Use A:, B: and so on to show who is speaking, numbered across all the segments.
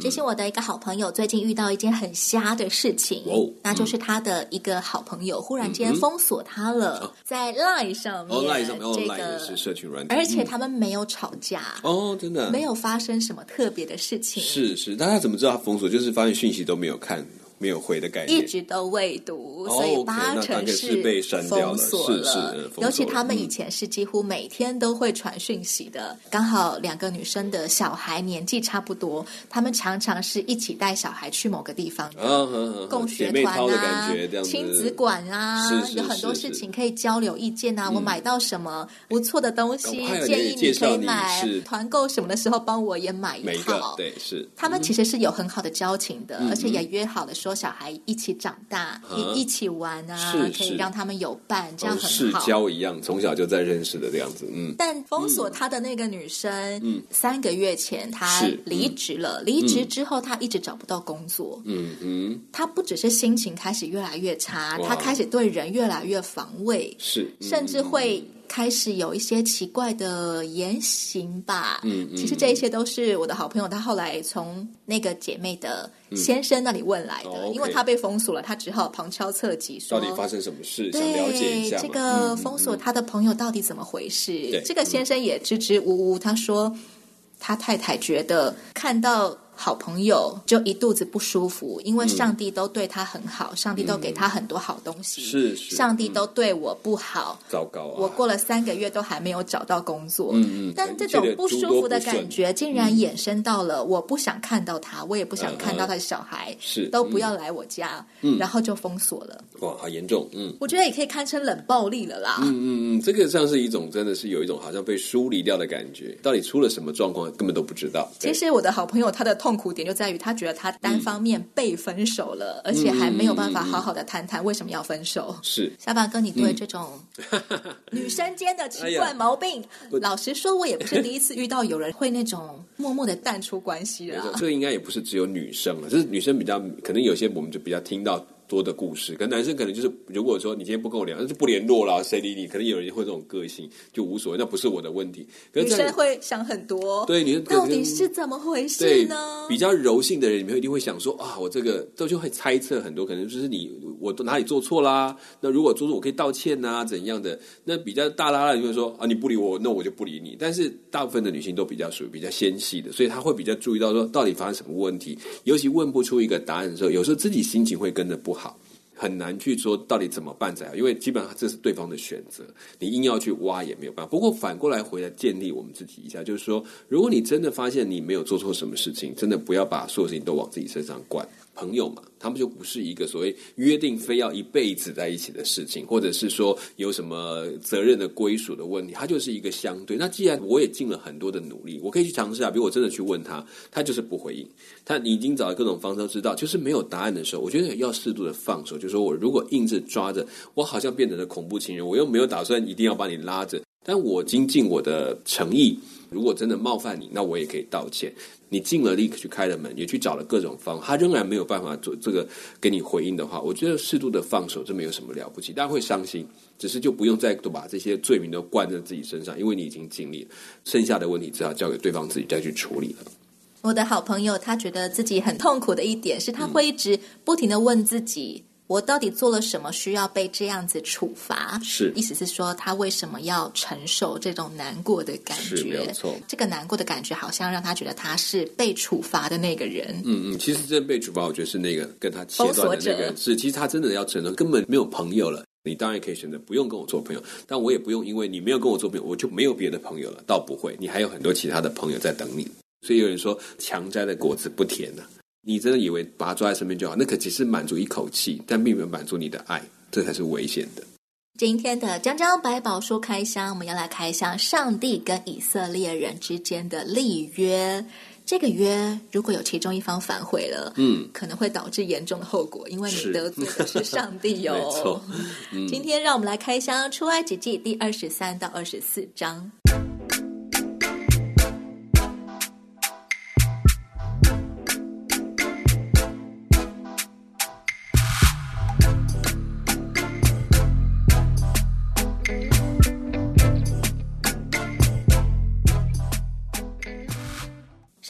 A: 其實、嗯、我的一個好朋友，最近遇到一件很瞎的事情，哦嗯、那就是他的一個好朋友忽然間封鎖他了，嗯嗯哦、在 Line 上面，哦、line 上面這個、哦、line 是
B: 社群軟體，而且他
A: 們沒有吵架，
B: 哦、嗯，真的沒
A: 有發生什麼特別的事情，哦啊、是
B: 是，大家怎麼知道他封鎖？就是發現訊息都沒有看。沒有回的感覺。一
A: 直都未讀，所以八成是被刪掉了。是是，尤其他們以前是幾乎每天都會傳訊息的。剛好兩個女生的小孩年紀差不多，他們常常是一起帶小孩去某個地方，
B: 共學團啊，親子
A: 館啊，有很多事情可以交流意見啊。我買到什麼不錯的東西，建議你可以買團購什麼的時候幫我也買一套。對，是他們其實是有很好的交情的，而且也約好了說。多小孩一起長大，啊、一,一起玩啊，是是，可以讓他們有伴，這樣很好。哦、世交
B: 一樣，從小就在認識的這樣子，嗯。但
A: 封鎖他的那個女生，嗯、三個月前她離職了，離職、嗯、之後她，嗯、一直找不到工作，嗯哼。她，嗯嗯、不只是心情開始越來越差，她哇開始對人越來越防衛，是，嗯、甚至會。開始有一些奇怪的言行吧。嗯，嗯，其實這一些都是我的好朋友，他後來從那個姐妹的先生那裡問來的，嗯哦 okay、因為他被封鎖了，他只好旁敲側擊說，到底發
B: 生什麼事，對想了解一下這個封鎖他
A: 的朋友到底怎麼回事？嗯嗯嗯、這個先生也支支吾吾，他說他太太覺得看到。好朋友就一肚子不舒服，因為上帝都對他很好，嗯、上帝都給他很多好東西。是，是上帝都對我不好，
B: 糟糕，啊！我
A: 過了三個月都還沒有找到工作。嗯，嗯，但這種不舒服的感覺竟然衍生到了我不想看到他，嗯、我也不想看到他的小孩，嗯、是都不要來我家，嗯、然後就封鎖了。
B: 哇，好嚴重，嗯，
A: 我覺得也可以堪稱冷暴力了啦。嗯
B: 嗯嗯，這個像是一種真的是有一種好像被疏離掉的感覺，到底出了什麼狀況根本都不知道。其
A: 實我的好朋友他的痛。痛苦點就在於，他覺得他單方面被分手了，嗯、而且還沒有辦法好好的談談為什麼要分手。是，小八哥，你對這種女生間的奇怪毛病，哎、老實說，我也不是第一次遇到有人會那種默默的淡出關係了。這
B: 個應該也不是只有女生了，就是女生比較可能有些，我們就比較聽到。多的故事，可能男生可能就是，如果說你今天不跟我聊，那就不聯絡了，誰理你？可能有人會這種個性，就無所謂，那不是我的問題。女生
A: 會想很多，對，女生到底是怎麼回事呢？比
B: 較柔性的人，你們一定會想說啊，我這個，這就會猜測很多，可能就是你，我都哪裡做錯啦？那如果做錯，我可以道歉吶、啊，怎樣的？那比較大啦啦，你會說啊，你不理我，那我就不理你。但是大部分的女性都比較屬於比較纖細的，所以她會比較注意到說，到底發生什麼問題？尤其問不出一個答案的時候，有時候自己心情會跟着不好。很難去說到底怎麼辦才好，因為基本上這是對方的選擇，你硬要去挖也沒有辦法。不過反過來回來建立我們自己一下，就是說，如果你真的發現你沒有做錯什麼事情，真的不要把所有事情都往自己身上灌。朋友嘛，他們就不是一個所謂約定非要一輩子在一起的事情，或者是說有什麼責任的歸屬的問題，它就是一個相對。那既然我也盡了很多的努力，我可以去嘗試啊，比如我真的去問他，他就是不回應。他已經找了各種方式知道，就是沒有答案的時候，我覺得要適度的放手。就是說我如果硬着抓着，我好像變成了恐怖情人，我又沒有打算一定要把你拉着，但我已經盡我的誠意。如果真的冒犯你，那我也可以道歉。你盡了力去開了門，也去找了各種方，他仍然沒有辦法做這個給你回應的話，我覺得適度的放手，這沒有什麼了不起，大家會傷心，只是就不用再多把這些罪名都灌在自己身上，因為你已經盡力了，剩下的問題只好交給對方自己再去處理了。
A: 我的好朋友，他覺得自己很痛苦的一點是，他會一直不停的問自己。我到底做了什麼需要被這樣子處罰？是，意思是說他為什麼要承受這種難過的感覺？沒錯，這個難過的感覺好像讓他覺得他是被處罰的那個人。嗯
B: 嗯，其實這被處罰，我覺得是那個跟他切斷的那個人是，其實他真的要承受，根本沒有朋友了。你當然可以選擇不用跟我做朋友，但我也不用，因為你沒有跟我做朋友，我就沒有別的朋友了。倒不會，你還有很多其他的朋友在等你。所以有人說，強摘的果子不甜呢、啊。你真的以為把他抓在身邊就好？那可其實只是滿足一口氣，但並沒有滿足你的愛，這才是危險的。
A: 今天的《江江百寶書》開箱，我們要來開箱上帝跟以色列人之間的立約。這個約，如果有其中一方反悔了，嗯，可能會導致嚴重的後果，因為你得罪的是上帝喲。是 沒錯，嗯。今天讓我們來開箱《出埃及記》第二十三到二十四章。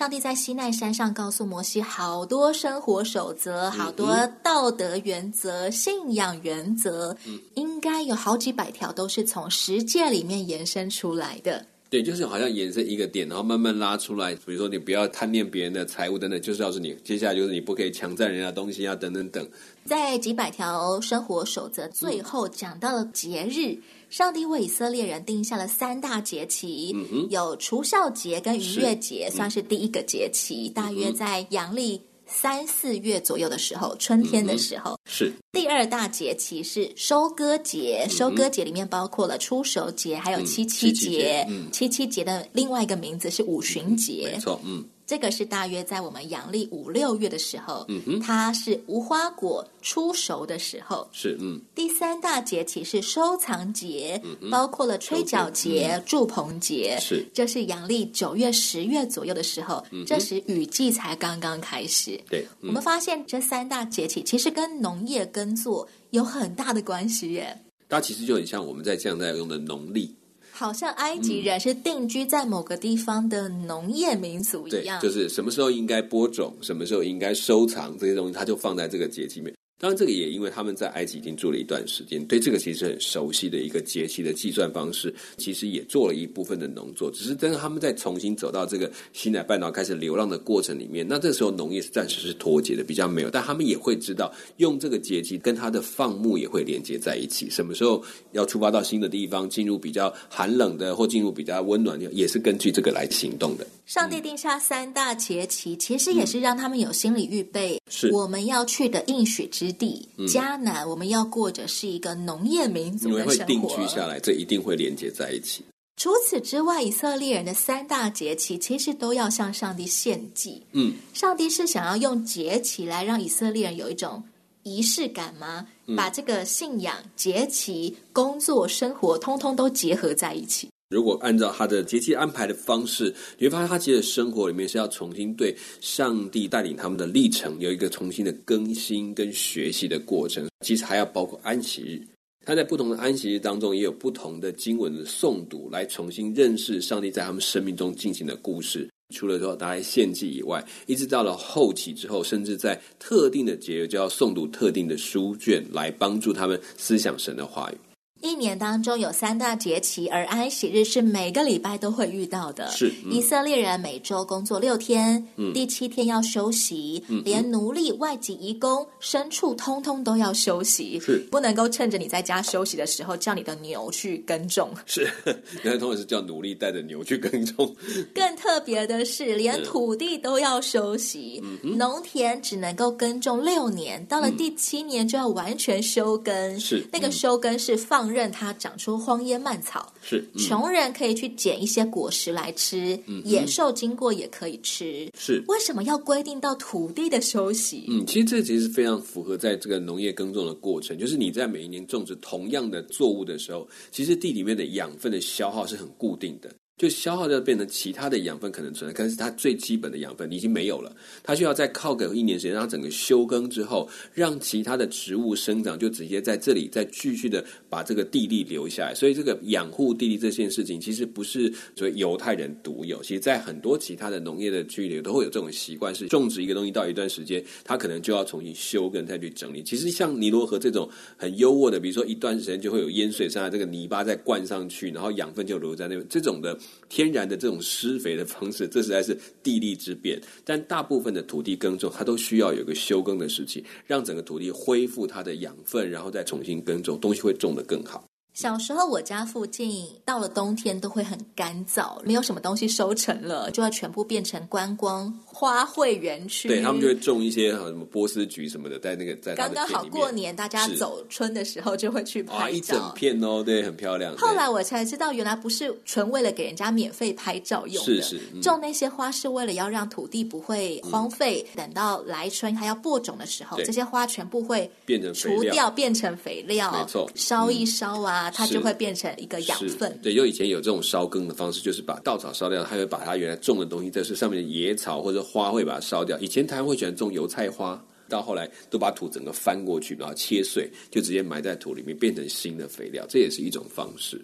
A: 上帝在西奈山上告訴摩西好多生活守則，好多道德原則、嗯、信仰原則，嗯、應該有好幾百條，都是從實踐裡面延伸出來的。
B: 對，就是好像延伸一個點，然後慢慢拉出來。比如說，你不要貪戀別人的財物等等，就是要是你，接下來就是你不可以強占人家、啊、東西啊，等等等。
A: 在幾百條生活守則最後講到了節日。嗯上帝為以色列人定下了三大節期，嗯、哼有除酵節跟逾越節，是算是第一個節期，嗯、大約在陽曆三四月左右的時候，春天的時候。嗯、是第二大節期是收割節，嗯、哼收割節裡面包括了初熟節，嗯、哼還有七七節，七七節，嗯、七七節的另外一個名字是五旬節，嗯、沒錯，嗯。這個是大約在我們陽曆五六月的時候，嗯哼，它是無花果初熟的時候，是嗯。第三大節期是收藏節，嗯、哼包括了吹角節、住 Okay. 棚節，是、嗯。這是陽曆九月、十月左右的時候，嗯、哼這時雨季才剛剛開始，對。嗯、我們發現這三大節期其實跟農業耕作有很大的關係耶。
B: 它其實就很像我們在這樣在用的農曆。
A: 好像埃及人是定居在某個地方的農業民族一樣，嗯，就
B: 是什麼時候應該播種，什麼時候應該收藏這些東西，它就放在這個節氣裡面。當然，這個也因為他們在埃及已經住了一段時間，對這個其實很熟悉的一個節氣的計算方式，其實也做了一部分的農作。只是當他們在重新走到這個西奈半島開始流浪的過程裡面，那這個時候農業是暫時是脫節的，比較沒有。但他們也會知道，用這個節氣跟他的放牧也會連接在一起。什麼時候要出發到新的地方，進入比較寒冷的或進入比較溫暖的，也是根據這個來行動的。
A: 上帝定下三大節期，其實也是讓他們有心理預備。是，我們要去的應許之地迦南，我們要過着是一個農業民族的生活，你們會定居下
B: 來，這一定會連接在一起。
A: 除此之外，以色列人的三大節期其實都要向上帝獻祭。嗯，上帝是想要用節期來讓以色列人有一種儀式感嗎？把這個信仰、節期、工作、生活，通通都結合在一起。
B: 如果按照他的節期安排的方式，你會發現他其實生活裡面是要重新對上帝帶領他們的歷程有一個重新的更新跟學習的過程。其實還要包括安息日，他在不同的安息日當中也有不同的經文的誦讀，來重新認識上帝在他們生命中進行的故事。除了說後拿來獻祭以外，一直到了後期之後，甚至在特定的節日就要誦讀特定的書卷，來幫助他們思想神的話語。
A: 一年當中有三大節期，而安息日是每個禮拜都會遇到的。是，嗯、以色列人每周工作六天，嗯、第七天要休息。嗯嗯、連奴隸、外籍、移工、牲畜，通通都要休息。是，不能夠趁着你在家休息的時候，叫你的牛去耕種。是，
B: 原來通常是叫奴隸帶着牛去耕種。
A: 更特別的是，連土地都要休息，嗯嗯嗯、農田只能夠耕種六年，到了第七年就要完全休耕。嗯、是，那個休耕是放。它長出荒煙蔓草，是、嗯、窮人可以去撿一些果實來吃，嗯、野獸經過也可以吃。是，為什麼要規定到土地的休息？
B: 嗯，其實這其實非常符合在這個農業耕種的過程，就是你在每一年種植同樣的作物的時候，其實地裡面的養分的消耗是很固定的。就消耗掉，變成其他的養分可能存在。但是它最基本的養分已經沒有了。它需要再靠個一年時間，讓它整個休耕之後，讓其他的植物生長，就直接在這裡再繼續的把這個地力留下來。所以，這個養護地力這件事情，其實不是所謂猶太人獨有，其實在很多其他的農業的區域裡，都會有這種習慣，是種植一個東西到一段時間，它可能就要重新休耕再去整理。其實像尼羅河這種很優渥的，比如說一段時間就會有淹水上來，這個泥巴再灌上去，然後養分就留在那邊。這種的。天然的這種施肥的方式，這實在是地利之便。但大部分的土地耕種，它都需要有個休耕的時期，讓整個土地恢復它的養分，然後再重新耕種，東西會種得更好。
A: 小時候，我家附近到了冬天都會很乾燥，沒有什麼東西收成了，就要全部變成觀光花卉園區。對，他們就會
B: 種一些什麼波斯菊什麼的，在那個在剛剛好
A: 過年，大家走春的時候就會去拍照，一整
B: 片哦，對，很漂亮。後
A: 來我才知道，原來不是純為了給人家免費拍照用的，種那些花是為了要讓土地不會荒廢，等到來春還要播種的時候，這些花全部會除掉，變成肥料，沒
B: 錯，燒一
A: 燒啊。它就會變成一個養分。
B: 對，因為以前有這種燒耕的方式，就是把稻草燒掉，還會把它原來種的東西，就是上面的野草或者花會把它燒掉。以前台灣會喜歡種油菜花，到後來都把土整個翻過去，把它切碎，就直接埋在土裡面，變成新的肥料。這也是一種方式。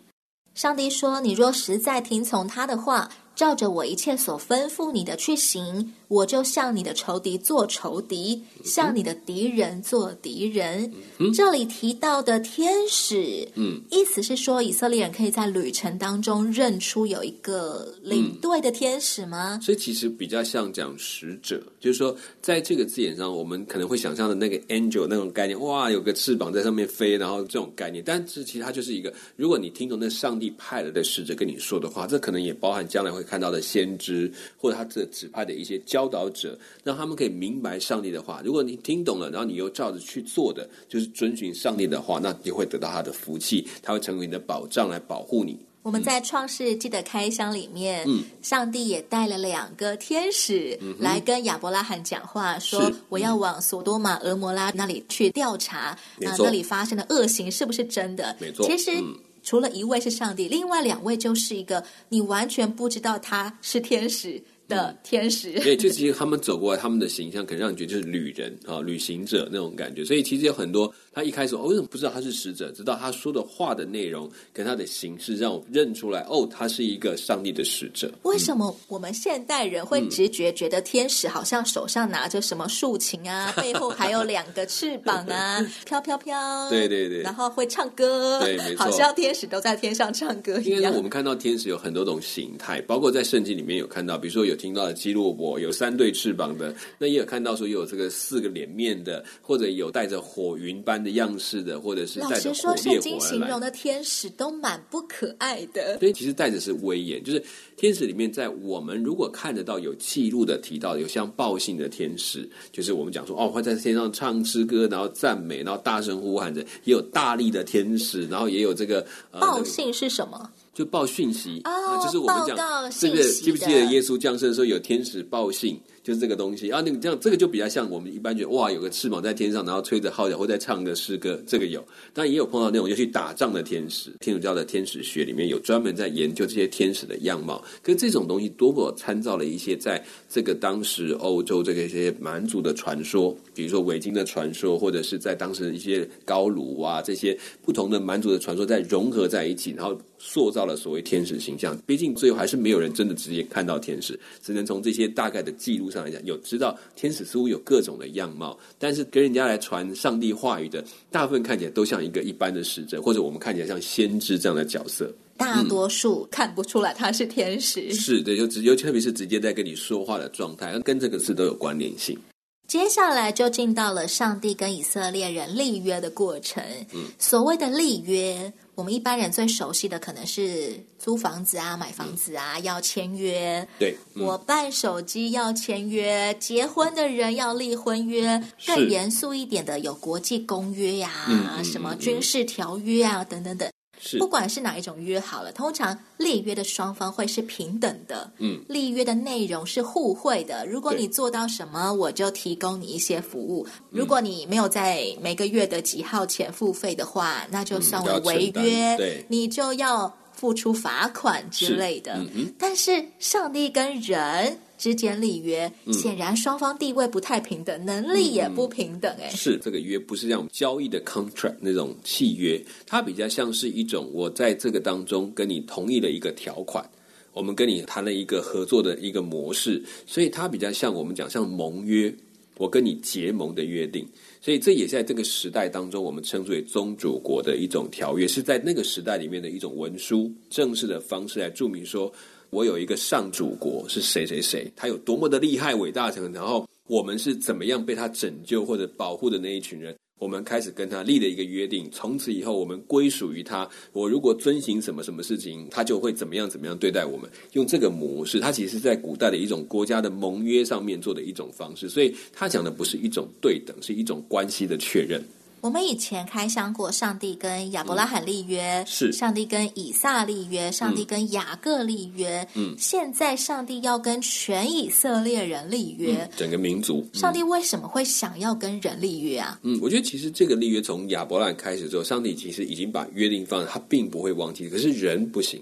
A: 上帝說：“你若實在聽從他的話，照着我一切所吩咐你的去行。”我就向你的仇敵做仇敵，向你的敵人做敵人。嗯、這裡提到的天使，嗯，意思是說以色列人可以在旅程當中認出有一個領隊的天使嗎、嗯？所
B: 以其實比較像講使者，就是說在這個字眼上，我們可能會想象的那個 angel 那種概念，哇，有個翅膀在上面飛，然後這種概念，但是其實它就是一個，如果你聽從那上帝派來的使者跟你說的話，這可能也包含將來會看到的先知，或者他這指派的一些。教導者，讓他們可以明白上帝的話。如果你聽懂了，然後你又照着去做的，就是遵循上帝的話，那你會得到他的福氣，他會成為你的保障來保護你。
A: 我們在創世紀的開箱裡面，嗯、上帝也帶了兩個天使來跟亞伯拉罕講話，嗯、哼說我要往索多瑪、俄摩拉那裡去調查，那裡發生的惡行是不是真的？沒錯。其實、嗯、除了一位是上帝，另外兩位就是一個你完全不知道他是天使。的天使、嗯，對，就
B: 是他們走過來，他們的形象可能讓你覺得就是旅人啊、哦，旅行者那種感覺，所以其實有很多。他一開始，我、哦、為什麼不知道他是使者？直到他說的話的內容，跟他的形式讓我認出來，哦，他是一個上帝的使者。
A: 為什麼我們現代人會直覺覺得天使好像手上拿着什麼豎琴啊， 背後還有兩個翅膀啊，飄飄飄。對對對。然後會唱歌。對，沒錯。好像天使都在天上唱歌。因為我
B: 們看到天使有很多種形態，包括在聖經裡面有看到，比如說有聽到的基洛伯有三對翅膀的，那也有看到說有這個四個臉面的，或者也有帶着火雲般的，的樣式的，或者是帶，老實說聖經形容的
A: 天使都蠻不可愛的，
B: 所以其實帶着是威嚴。就是天使裡面，在我們如果看得到有記錄的提到，有像報信的天使，就是我們講說哦，會在天上唱詩歌，然後讚美，然後大聲呼喊着，也有大力的天使，然後也有這個、呃、報
A: 信是什麼？
B: 就報訊息啊、
A: 呃，就是我們講，報告信息這個記不記得耶
B: 穌降生的時候有天使報信？就是這個東西啊，那個這樣，這個就比較像我們一般覺得，哇，有個翅膀在天上，然後吹着號角或在唱着詩歌。這個有，但也有碰到那種要去打仗的天使。天主教的天使學裡面有專門在研究這些天使的樣貌。跟這種東西，多過參照了一些在這個當時歐洲這個一些蠻族的傳說，比如說維京的傳說，或者是在當時的一些高盧啊這些不同的蠻族的傳說，在融合在一起，然後塑造了所謂天使形象。畢竟最後還是沒有人真的直接看到天使，只能從這些大概的記錄上。上來講，有知道天使似乎有各種的樣貌，但是跟人家來傳上帝話語的，大部分看起來都像一個一般的使者，或者我們看起來像先知這樣的角色。
A: 大多數看不出來他是天使，嗯、是
B: 對，尤其特別是直接在跟你說話的狀態，跟這個事都有關聯性。
A: 接下來就進到了上帝跟以色列人立約的過程。嗯，所謂的立約。我們一般人最熟悉的可能是租房子啊、買房子啊、嗯、要簽約，對，嗯、我辦手機要簽約，結婚的人要立婚約，是更嚴肅一點的有國際公約呀、啊，嗯、什麼軍事條約啊、嗯嗯嗯、等等等。是不管是哪一種約好了，通常立約的雙方會是平等的。嗯，立約的內容是互惠的。如果你做到什麼，對我就提供你一些服務；嗯、如果你沒有在每個月的幾號前付費的話，那就算違約，你就要付出罰款之類的。是嗯、但是上帝跟人。之間立約，顯然雙方地位不太平等，能力也不平等，欸。誒、嗯嗯，是
B: 這個約不是像交易的 contract 那種契約，它比較像是一種我在這個當中跟你同意的一個條款，我們跟你談了一個合作的一個模式，所以它比較像我們講像盟約，我跟你結盟的約定。所以這也在這個時代當中，我們稱之為宗主國的一種條約，是在那個時代裡面的一種文書，正式的方式來註明說。我有一個宗主國是誰誰誰，他有多麼的厲害偉大成，成然後我們是怎麼樣被他拯救或者保護的那一群人，我們開始跟他立了一個約定，從此以後我們歸屬於他。我如果遵循什麼什麼事情，他就會怎麼樣怎麼樣對待我們。用這個模式，他其實是在古代的一種國家的盟約上面做的一種方式，所以他講的不是一種對等，是一種關係的確認。
A: 我們以前開箱過，上帝跟亞伯拉罕立約，嗯、是上帝跟以撒立約，上帝跟雅各立約。嗯，現在上帝要跟全以色列人立約，嗯、
B: 整個民族。嗯、上
A: 帝為什麼會想要跟人立約啊？嗯，
B: 我覺得其實這個立約從亞伯拉罕開始之後，上帝其實已經把約定放了，他並不會忘記。可是人不行，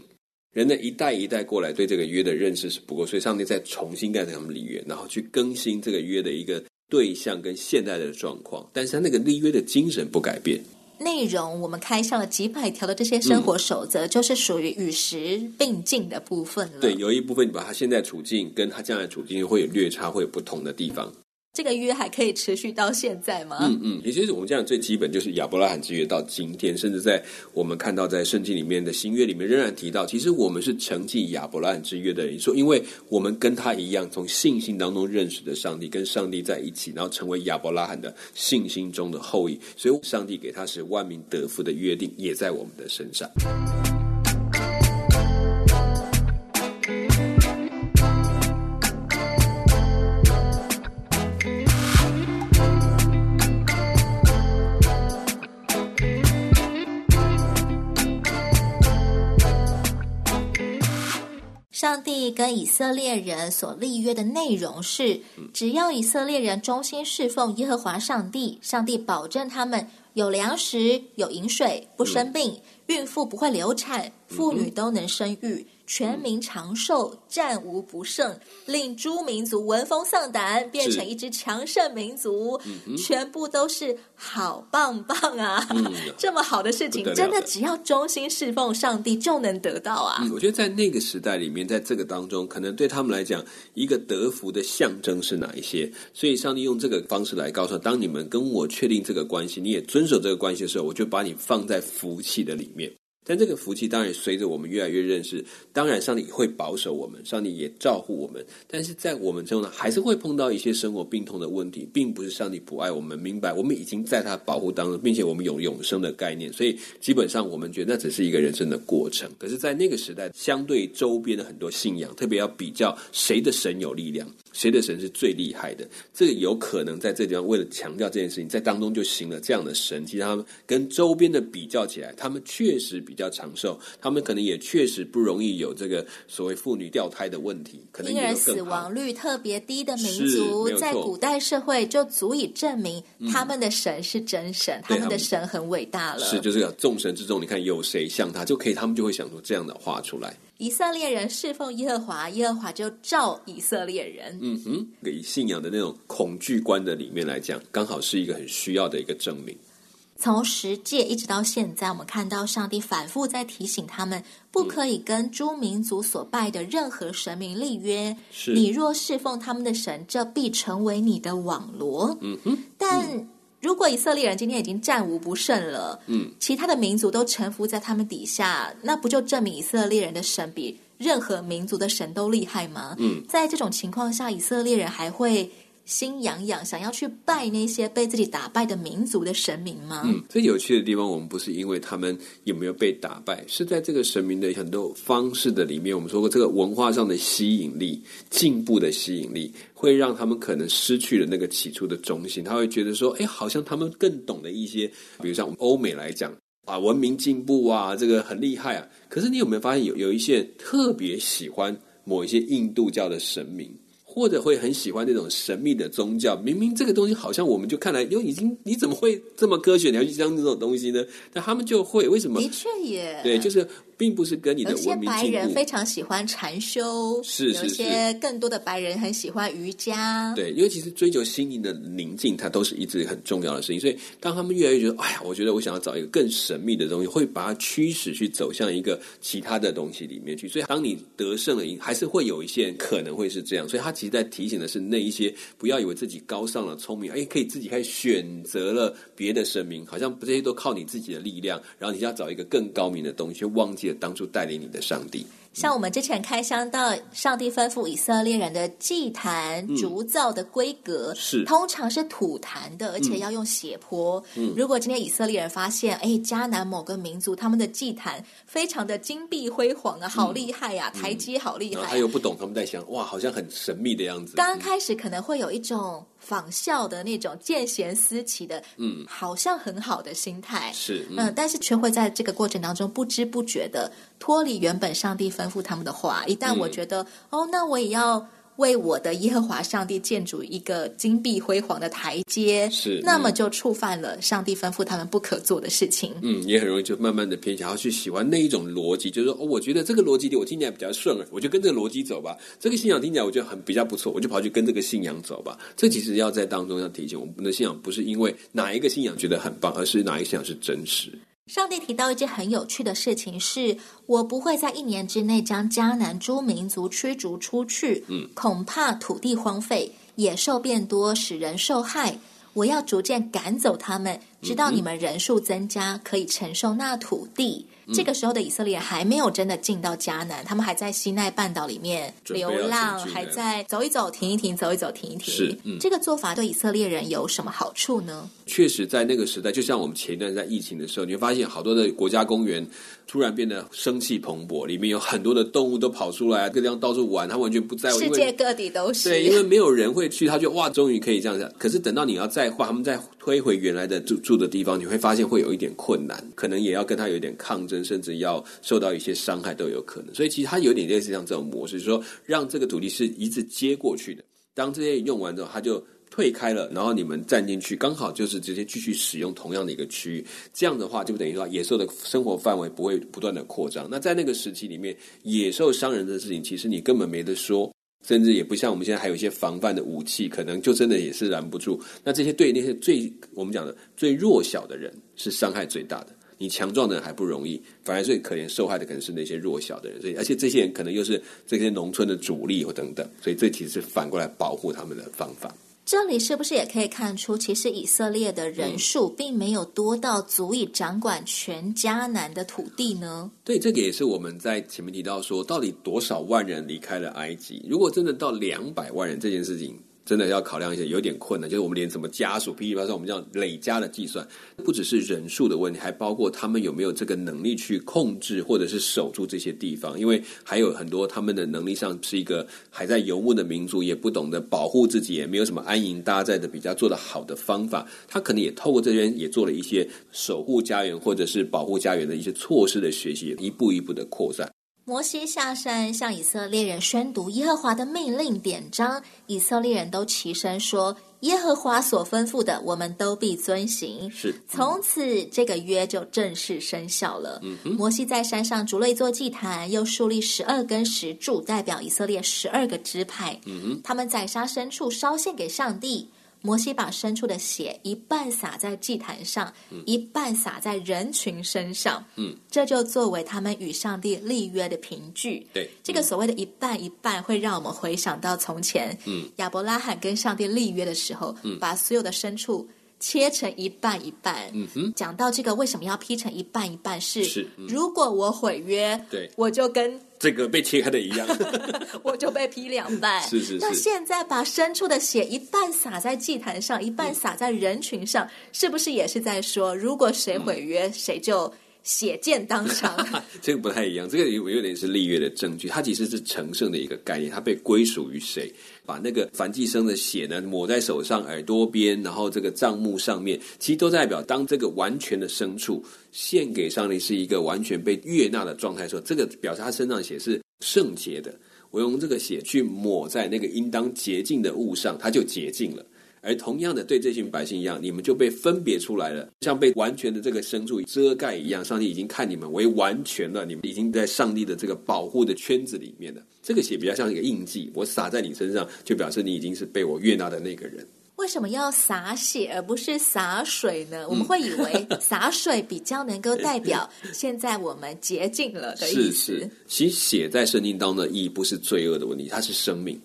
B: 人的一代一代過來，對這個約的認識是不夠，所以上帝再重新跟他們立約，然後去更新這個約的一個。對象跟現在的狀況，但是他那個立約的精神不改變。
A: 內容，我們開上了幾百條的這些生活守則，就是屬於與時並進的部分了。嗯，對，
B: 有一部分，你把他現在處境跟他將來處境會有略差，會有不同的地方。
A: 這個約還可以持續到現在嗎？嗯嗯，
B: 也就是我們講最基本就是亞伯拉罕之約到今天，甚至在我們看到在聖經裡面的新約裡面仍然提到，其實我們是承繼亞伯拉罕之約的人，說因為我們跟他一樣從信心當中認識的上帝，跟上帝在一起，然後成為亞伯拉罕的信心中的後裔，所以上帝給他是萬民得福的約定也在我們的身上。
A: 跟以色列人所立約的內容是，只要以色列人忠心侍奉耶和華上帝，上帝保證他們有糧食、有飲水，不生病，孕婦不會流產，婦女都能生育。全民長壽，戰無不勝，令諸民族聞風喪膽，變成一支強盛民族，是全部都是好棒棒啊！嗯、這麼好的事情，得真的只要忠心侍奉上帝就能得到啊、嗯！
B: 我覺得在那個時代裡面，在這個當中，可能對他們來講，一個得福的象徵是哪一些？所以上帝用這個方式來告訴他：當你們跟我確定這個關係，你也遵守這個關係的時候，我就把你放在福氣的裡面。但這個福氣，當然隨着我們越來越認識，當然上帝會保守我們，上帝也照顧我們。但是在我們之中呢，還是會碰到一些生活病痛的問題，並不是上帝不愛我們。明白，我們已經在他保護當中，並且我們有永生的概念，所以基本上我們覺得那只是一個人生的過程。可是，在那個時代，相對周邊的很多信仰，特別要比較誰的神有力量。誰的神是最厲害的？這個有可能在這地方為了強調這件事情，在當中就行了這樣的神。其實他們跟周邊的比較起來，他們確實比較長壽，他們可能也確實不容易有這個所謂婦女掉胎的問題，嬰兒死亡
A: 率特別低的民族，在古代社會就足以證明他們的神是真神，嗯，他們的神很偉大了。是，就是這
B: 個眾神之中，你看有誰像他，就可以他們就會想出這樣的話出來。
A: 以色列人侍奉耶和華，耶和華就照以色列人。
B: 嗯哼，以信仰的那種恐懼觀的裡面來講，剛好是一個很需要的一個證明。
A: 從十誡一直到現在，我們看到上帝反覆在提醒他們，不可以跟諸民族所拜的任何神明立約。是，你若侍奉他們的神，這必成為你的網羅。嗯哼，但。嗯如果以色列人今天已經戰無不勝了，嗯，其他的民族都臣服在他們底下，那不就證明以色列人的神比任何民族的神都厲害嗎？嗯，在這種情況下，以色列人還會。心癢癢，想要去拜那些被自己打敗的民族的神明嗎？嗯，最有
B: 趣的地方，我們不是因為他們有沒有被打敗，是在這個神明的很多方式的裡面，我們說過這個文化上的吸引力、進步的吸引力，會讓他們可能失去了那個起初的中心。他會覺得說，哎，好像他們更懂得一些，比如像我們歐美來講啊，文明進步啊，這個很厲害啊。可是你有沒有發現，有有一些人特別喜歡某一些印度教的神明？或者會很喜歡那種神秘的宗教。明明這個東西好像我們就看來，喲，已經你怎麼會這麼科學？你要去相信這種東西呢？但他們就會為什麼？的
A: 確也對，就
B: 是。並不是跟你的文明進，有些白人非
A: 常喜歡禪修，是、是、是有些更多的白人很喜歡瑜伽。
B: 對，因為其實追求心靈的寧靜，它都是一直很重要的事情。所以當他們越來越覺得，哎呀，我覺得我想要找一個更神秘的東西，會把它驅使去走向一個其他的東西裡面去。所以當你得勝了，還是會有一些人可能會是這樣。所以他其實在提醒的是，那一些不要以為自己高尚了、聰明，哎，可以自己開始選擇了別的神明，好像這些都靠你自己的力量，然後你就要找一個更高明的東西，忘記了，當初帶領你的上帝，
A: 像我們之前開箱到上帝吩咐以色列人的祭壇築造的規格，嗯、是通常是土壇的，而且要用斜坡。嗯、如果今天以色列人發現，哎，迦南某個民族他們的祭壇非常的金碧輝煌啊，好厲害呀，啊，嗯、台階好厲害，然後他
B: 又不懂他們在想，哇，好像很神秘的樣子。剛開
A: 始可能會有一種。仿效的那種見賢思齊的，嗯，好像很好的心態是，嗯，嗯，但是卻會在這個過程當中不知不覺的脫離原本上帝吩咐他們的話。一旦我覺得，嗯，哦，那我也要。為我的耶和華上帝建築一個金碧輝煌的台階，是、嗯、那麼就觸犯了上帝吩咐他們不可做的事情。
B: 嗯，也很容易就慢慢的偏向，然後去喜歡那一種邏輯，就是說，哦，我覺得這個邏輯裡我聽起來比較順耳，我就跟這個邏輯走吧。這個信仰聽起來我覺得很比較不錯，我就跑去跟這個信仰走吧。這其實要在當中要提醒，我們的信仰不是因為哪一個信仰覺得很棒，而是哪一個信仰是真實。
A: 上帝提到一件很有趣的事情是，是我不會在一年之內將迦南諸民族驅逐出去。恐怕土地荒廢，野獸變多，使人受害。我要逐漸趕走他們。直到你們人數增加、嗯、可以承受那土地，嗯、這個時候的以色列還沒有真的進到迦南，他們還在西奈半島裡面流浪，還在走一走停一停，走一走停一停。是，嗯、這個做法對以色列人有什麼好處呢？
B: 確實，在那個時代，就像我們前一段在疫情的時候，你會發現好多的國家公園突然變得生氣蓬勃，裡面有很多的動物都跑出來，各地方到處玩，他們完全不在，世界
A: 各地都是。對，因為
B: 沒有人會去，他就哇，終於可以這樣子。可是等到你要再畫，他們再推回原來的住。住的地方，你會發現會有一點困難，可能也要跟他有點抗爭，甚至要受到一些傷害都有可能。所以其實它有點類似像這種模式，就是說讓這個土地是一直接過去的，當這些用完之後，他就退開了，然後你們站進去，剛好就是直接繼續使用同樣的一個區域。這樣的話，就等於說野獸的生活範圍不會不斷的擴張。那在那個時期裡面，野獸傷人的事情，其實你根本沒得說。甚至也不像我們現在還有一些防範的武器，可能就真的也是攔不住。那這些對那些最我們講的最弱小的人是傷害最大的。你強壯的人還不容易，反而最可憐受害的可能是那些弱小的人。所以，而且這些人可能又是這些農村的主力或等等。所以，這其實是反過來保護他們的方法。
A: 這裡是不是也可以看出，其實以色列的人數並沒有多到足以掌管全迦南的土地呢？嗯。
B: 對，這個也是我們在前面提到說，到底多少萬人離開了埃及？如果真的到兩百萬人，這件事情。真的要考量一下，有點困難。就是我們連什麼家屬，比如說我們叫累加的計算，不只是人數的問題，還包括他們有沒有這個能力去控制或者是守住這些地方。因為還有很多他們的能力上是一個還在游牧的民族，也不懂得保護自己，也沒有什麼安營紮寨的比較做得好的方法。他可能也透過這邊也做了一些守護家園或者是保護家園的一些措施的學習，一步一步的擴散。
A: 摩西下山，向以色列人宣讀耶和華的命令典章，以色列人都齊聲說：“耶和華所吩咐的，我們都必遵行。是”從此這個約就正式生效了。嗯、哼摩西在山上築了一座祭壇，又樹立十二根石柱，代表以色列十二個支派。嗯、哼他們宰殺牲畜，燒獻給上帝。摩西把牲畜的血一半灑在祭壇上，嗯、一半灑在人群身上，嗯、這就作為他們與上帝立約的憑據。對嗯、這個所謂的一半一半，會讓我們回想到從前亞伯拉罕跟上帝立約的時候，嗯、把所有的牲畜。切成一半一半，嗯哼。講到這個，為什麼要劈成一半一半？是是，是嗯、如果我毀約，對，我就跟這
B: 個被切開的一樣，
A: 我就被劈兩半。 是是是。那現在把深處的血一半灑在祭壇上，一半灑在人群上，嗯、是不是也是在說，如果誰毀約，嗯、誰就？血濺當場，
B: 這個不太一樣。這個有有點是立約的證據，它其實是成聖的一個概念。它被歸屬於誰，把那個燔祭牲的血呢抹在手上、耳朵邊，然後這個帳幕上面，其實都代表當這個完全的牲畜獻給上帝是一個完全被悅納的狀態的時候，這個表示他身上的血是聖潔的。我用這個血去抹在那個應當潔淨的物上，它就潔淨了。而同樣的，對這群百姓一樣，你們就被分別出來了，像被完全的這個牲畜遮蓋一樣。上帝已經看你們為完全了，你們已經在上帝的這個保護的圈子裡面了。這個血比較像一個印記，我灑在你身上，就表示你已經是被我悅納的那個人。
A: 為什麼要灑血而不是灑水呢？我們會以為灑水比較能夠代表現在我們潔淨了的意思。 是是，
B: 其實血在聖經當中的意義不是罪惡的問題，它是生命。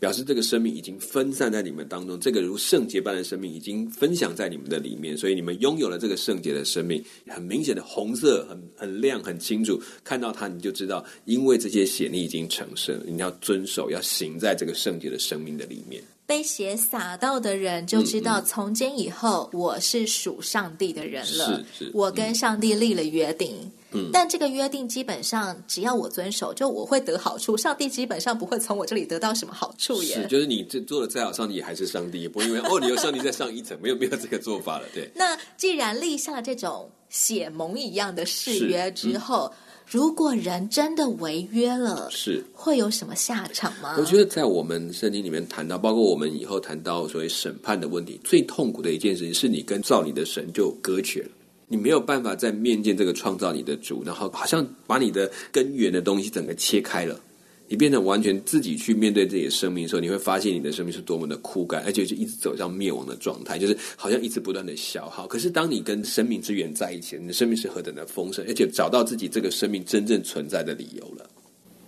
B: 表示這個生命已經分散，在你們當中，這個如聖潔般的生命已經分享在你們的裡面，所以你們擁有了這個聖潔的生命。很明顯的紅色，很很亮，很清楚，看到它你就知道，因為這些血你已經成聖，你要遵守，要行在這個聖潔的生命的裡面。
A: 被血灑到的人就知道，從今以後我是屬上帝的人了。是、嗯嗯、是，是嗯、我跟上帝立了約定。嗯，嗯，但這個約定基本上只要我遵守，就我會得好處。上帝基本上不會從我這裡得到什麼好處。是，
B: 就是你這做的再好，上帝也還是上帝，也不會因為哦，你有上帝在上一層， 沒有沒有這個做法了。對。
A: 那既然立下了這種血盟一樣的誓約之後，如果人真的違約了，是會有什麼下場嗎？我
B: 覺得在我們聖經裡面談到，包括我們以後談到所謂審判的問題，最痛苦的一件事情是你跟造你的神就隔絕了，你沒有辦法再面見這個創造你的主，然後好像把你的根源的東西整個切開了。你變成完全自己去面對自己的生命的時候，你會發現你的生命是多麼的枯乾，而且就一直走向滅亡的狀態，就是好像一直不斷的消耗。可是當你跟生命之源在一起，你的生命是何等的豐盛，而且找到自己這個生命真正存在的理由了。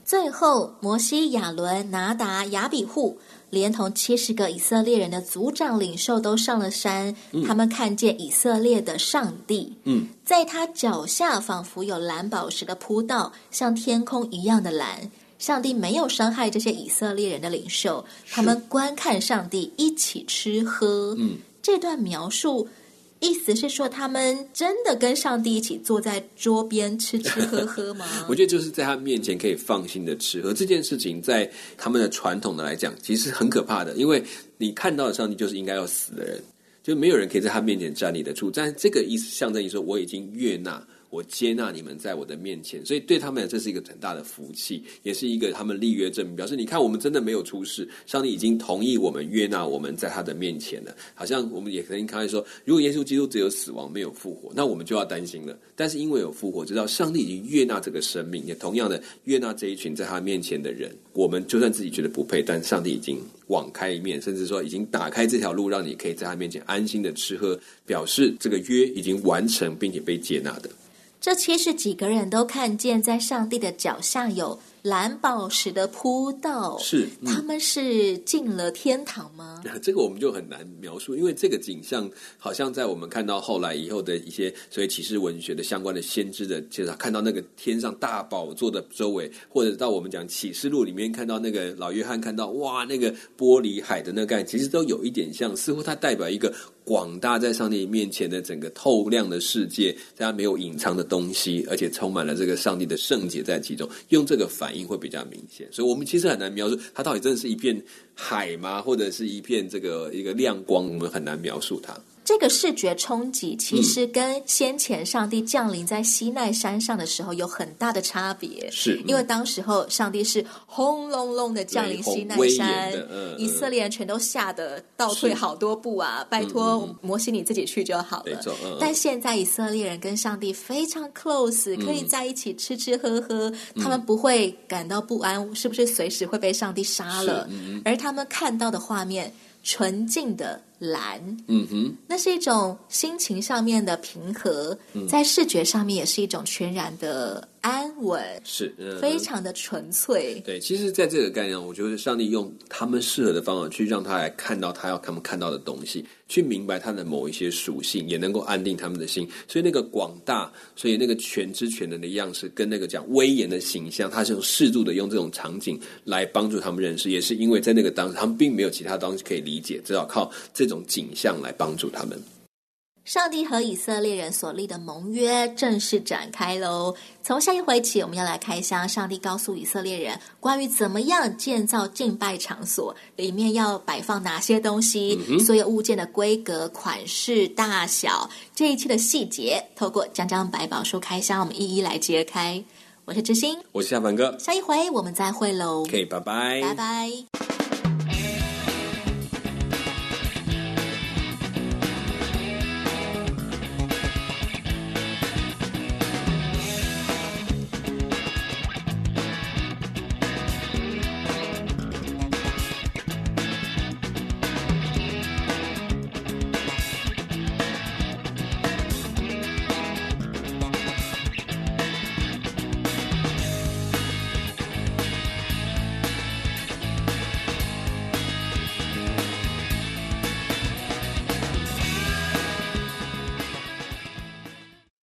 A: 最後，摩西亞倫拿達亞比戶，連同七十個以色列人的族長領袖都上了山，他們看見以色列的上帝。嗯，在他腳下仿佛有藍寶石的鋪道，像天空一樣的藍。上帝沒有傷害這些以色列人的領袖，他們觀看上帝，一起吃喝。嗯，這段描述。意思是說，他們真的跟上帝一起坐在桌邊吃吃喝喝嗎？
B: 我覺得就是在他面前可以放心的吃喝這件事情，在他們的傳統的來講，其實很可怕的，因為你看到的上帝就是應該要死的人，就沒有人可以在他面前站立得住，但是這個意思象徵於說我已經悅納。我接納你們在我的面前，所以對他們來說，這是一個很大的福氣，也是一個他們立約證明，表示你看，我們真的沒有出事，上帝已經同意我們悅納，我們在他的面前了。好像我們也可以看來說，如果耶穌基督只有死亡沒有復活，那我們就要擔心了。但是因為有復活，知道上帝已經悅納這個生命，也同樣的悅納這一群在他面前的人。我們就算自己覺得不配，但上帝已經網開一面，甚至說已經打開這條路，讓你可以在他面前安心的吃喝，表示這個約已經完成並且被接納的。
A: 這七十幾個人都看見，在上帝的腳下有。藍寶石的鋪道是，嗯、他們是進了天堂嗎？
B: 這個我們就很難描述，因為這個景象好像在我們看到後來以後的一些，所謂啟示文學的相關的先知的，介紹，看到那個天上大寶座的周圍，或者到我們講啟示錄裡面看到那個老約翰看到哇，那個玻璃海的那個，其實都有一點像，似乎它代表一個廣大在上帝面前的整個透亮的世界，它沒有隱藏的東西，而且充滿了這個上帝的聖潔在其中，用這個反。會比較明顯，所以我們其實很難描述它到底真的是一片海嗎？或者是一片這個一個亮光，我們很難描述它。
A: 這個視覺衝擊其實跟先前上帝降臨在西奈山上的時候有很大的差別，嗯、是、嗯、因為當時候上帝是轟隆隆的降臨西奈山，嗯、以色列人全都嚇得倒退好多步啊！嗯、拜託，摩西你自己去就好了。嗯、但現在以色列人跟上帝非常 close，嗯、可以在一起吃吃喝喝，嗯、他們不會感到不安，是不是隨時會被上帝殺了？嗯、而他們看到的畫面純淨的。藍，嗯哼，那是一種心情上面的平和，嗯、在視覺上面也是一種全然的安穩，是，呃、非常的純粹。
B: 對，其實，在這個概念，我覺得上帝用他們適合的方法去讓他來看到他要他們看到的東西，去明白他的某一些屬性，也能夠安定他們的心。所以，那個廣大，所以那個全知全能的樣式，跟那個講威嚴的形象，他是用適度的用這種場景來幫助他們認識，也是因為在那個當時，他們並沒有其他東西可以理解，只要靠這。這種景象，來幫助他們。
A: 上帝和以色列人所立的盟約正式展開嘍！從下一回起，我們要來開箱。上帝告訴以色列人關於怎麼樣建造敬拜場所，裡面要擺放哪些東西，嗯哼，所有物件的規格、款式、大小，這一期的細節，透過《江江百寶書》開箱，我們一一來揭開。我是志心，
B: 我是夏凡哥。
A: 下一回我們再會嘍！OK，拜拜，拜拜。